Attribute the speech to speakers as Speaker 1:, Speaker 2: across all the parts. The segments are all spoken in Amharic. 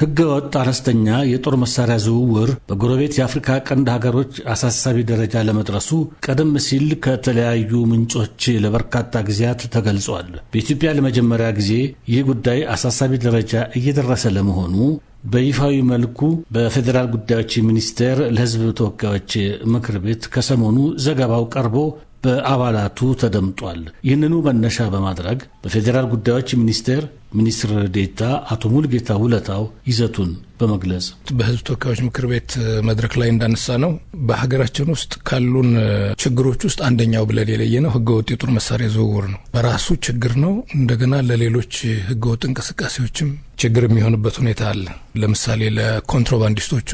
Speaker 1: ህገወጥ አነስተኛ የጦር መሳሪያ ዝውውር በጎረቤት የአፍሪካ ቀንድ ሀገሮች አሳሳቢ ደረጃ ለመድረሱ ቀደም ሲል ከተለያዩ ምንጮች ለበርካታ ጊዜያት ተገልጿል። በኢትዮጵያ ለመጀመሪያ ጊዜ ይህ ጉዳይ አሳሳቢ ደረጃ እየደረሰ ለመሆኑ በይፋዊ መልኩ በፌዴራል ጉዳዮች ሚኒስቴር ለህዝብ ተወካዮች ምክር ቤት ከሰሞኑ ዘገባው ቀርቦ በአባላቱ ተደምጧል። ይህንኑ መነሻ በማድረግ በፌዴራል ጉዳዮች ሚኒስቴር ሚኒስትር ዴኤታ አቶ ሙልጌታ ውለታው ይዘቱን በመግለጽ
Speaker 2: በህዝብ ተወካዮች ምክር ቤት መድረክ ላይ እንዳነሳ ነው በሀገራችን ውስጥ ካሉን ችግሮች ውስጥ አንደኛው ብለን የለየ ነው ህገወጥ የጦር መሳሪያ ዝውውር ነው። በራሱ ችግር ነው። እንደገና ለሌሎች ህገወጥ እንቅስቃሴዎችም ችግር የሚሆንበት ሁኔታ አለ። ለምሳሌ ለኮንትሮባንዲስቶቹ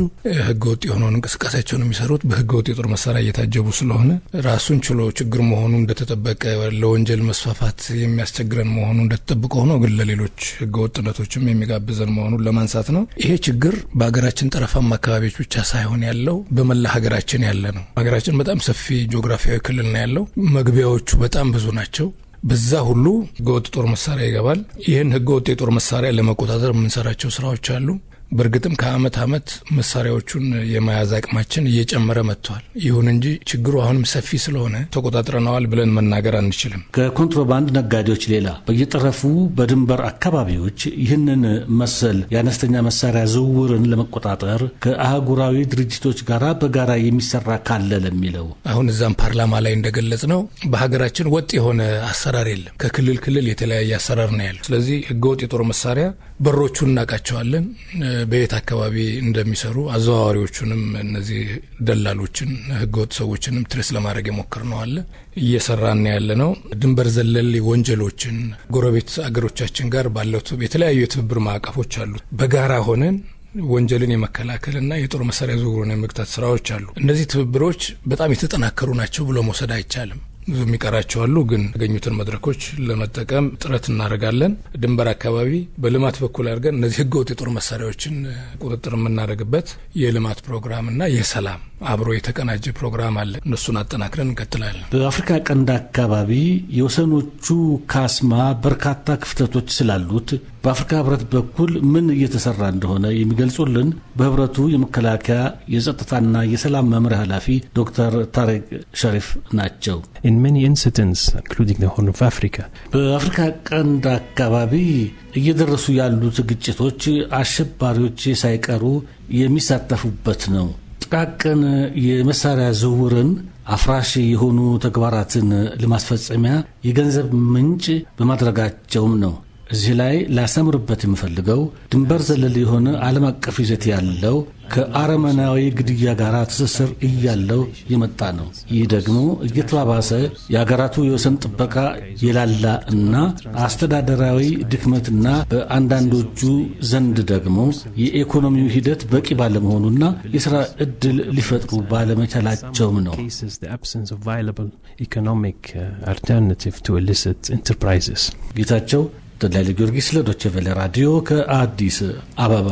Speaker 2: ህገወጥ የሆነውን እንቅስቃሴያቸውን የሚሰሩት በህገወጥ የጦር መሳሪያ እየታጀቡ ስለሆነ ራሱን ችሎ ችግር መሆኑ እንደተጠበቀ፣ ለወንጀል መስፋፋት የሚያስቸግረን መሆኑ እንደተጠበቀ ሆኖ ግን ለሌሎ ሌሎች ህገወጥነቶችም የሚጋብዘን መሆኑን ለማንሳት ነው። ይሄ ችግር በሀገራችን ጠረፋማ አካባቢዎች ብቻ ሳይሆን ያለው በመላ ሀገራችን ያለ ነው። ሀገራችን በጣም ሰፊ ጂኦግራፊያዊ ክልል ነው ያለው። መግቢያዎቹ በጣም ብዙ ናቸው። በዛ ሁሉ ህገወጥ ጦር መሳሪያ ይገባል። ይህን ህገወጥ የጦር መሳሪያ ለመቆጣጠር የምንሰራቸው ስራዎች አሉ። በእርግጥም ከአመት አመት መሳሪያዎቹን የመያዝ አቅማችን እየጨመረ መጥቷል። ይሁን
Speaker 1: እንጂ ችግሩ አሁንም ሰፊ ስለሆነ ተቆጣጥረነዋል ብለን መናገር አንችልም። ከኮንትሮባንድ ነጋዴዎች ሌላ በየጠረፉ በድንበር አካባቢዎች ይህንን መሰል የአነስተኛ መሳሪያ ዝውውርን ለመቆጣጠር ከአህጉራዊ ድርጅቶች ጋር በጋራ የሚሰራ ካለ ለሚለው
Speaker 2: አሁን እዛም ፓርላማ ላይ እንደገለጽ ነው በሀገራችን ወጥ የሆነ አሰራር የለም። ከክልል ክልል የተለያየ አሰራር ነው ያለው። ስለዚህ ህገወጥ የጦር መሳሪያ በሮቹ እናውቃቸዋለን በየት አካባቢ እንደሚሰሩ አዘዋዋሪዎቹንም እነዚህ ደላሎችን ህገወጥ ሰዎችንም ትሬስ ለማድረግ የሞክር ነው አለ እየሰራን ያለ ነው። ድንበር ዘለል ወንጀሎችን ጎረቤት አገሮቻችን ጋር ባለቱ የተለያዩ የትብብር ማዕቀፎች አሉ። በጋራ ሆነን ወንጀልን የመከላከልና የጦር መሳሪያ ዝውውሩን የመግታት ስራዎች አሉ። እነዚህ ትብብሮች በጣም የተጠናከሩ ናቸው ብሎ መውሰድ አይቻልም። ብዙ የሚቀራቸው አሉ፣ ግን ያገኙትን መድረኮች ለመጠቀም ጥረት እናደርጋለን። ድንበር አካባቢ በልማት በኩል አድርገን እነዚህ ህገወጥ የጦር መሳሪያዎችን ቁጥጥር የምናደርግበት የልማት ፕሮግራም እና የሰላም አብሮ የተቀናጀ ፕሮግራም አለ። እነሱን አጠናክረን እንቀጥላለን።
Speaker 1: በአፍሪካ ቀንድ አካባቢ የወሰኖቹ ካስማ በርካታ ክፍተቶች ስላሉት በአፍሪካ ህብረት በኩል ምን እየተሰራ እንደሆነ የሚገልጹልን በህብረቱ የመከላከያ የጸጥታና የሰላም መምሪያ ኃላፊ ዶክተር ታሪክ ሸሪፍ ናቸው። በአፍሪካ ቀንድ አካባቢ እየደረሱ ያሉት ግጭቶች አሸባሪዎች ሳይቀሩ የሚሳተፉበት ነው። ጥቃቅን የመሳሪያ ዝውውርን አፍራሽ የሆኑ ተግባራትን ለማስፈጸሚያ የገንዘብ ምንጭ በማድረጋቸውም ነው። እዚህ ላይ ላሰምርበት የምፈልገው ድንበር ዘለል የሆነ ዓለም አቀፍ ይዘት ያለው ከአረመናዊ ግድያ ጋር ትስስር እያለው የመጣ ነው። ይህ ደግሞ እየተባባሰ የሀገራቱ የወሰን ጥበቃ የላላ እና አስተዳደራዊ ድክመትና በአንዳንዶቹ ዘንድ ደግሞ የኢኮኖሚው ሂደት በቂ ባለመሆኑና የሥራ ዕድል ሊፈጥሩ ባለመቻላቸውም ነው። ጌታቸው ተድላይ ለጊዮርጊስ ለዶቼ ቬለ ራዲዮ ከአዲስ አበባ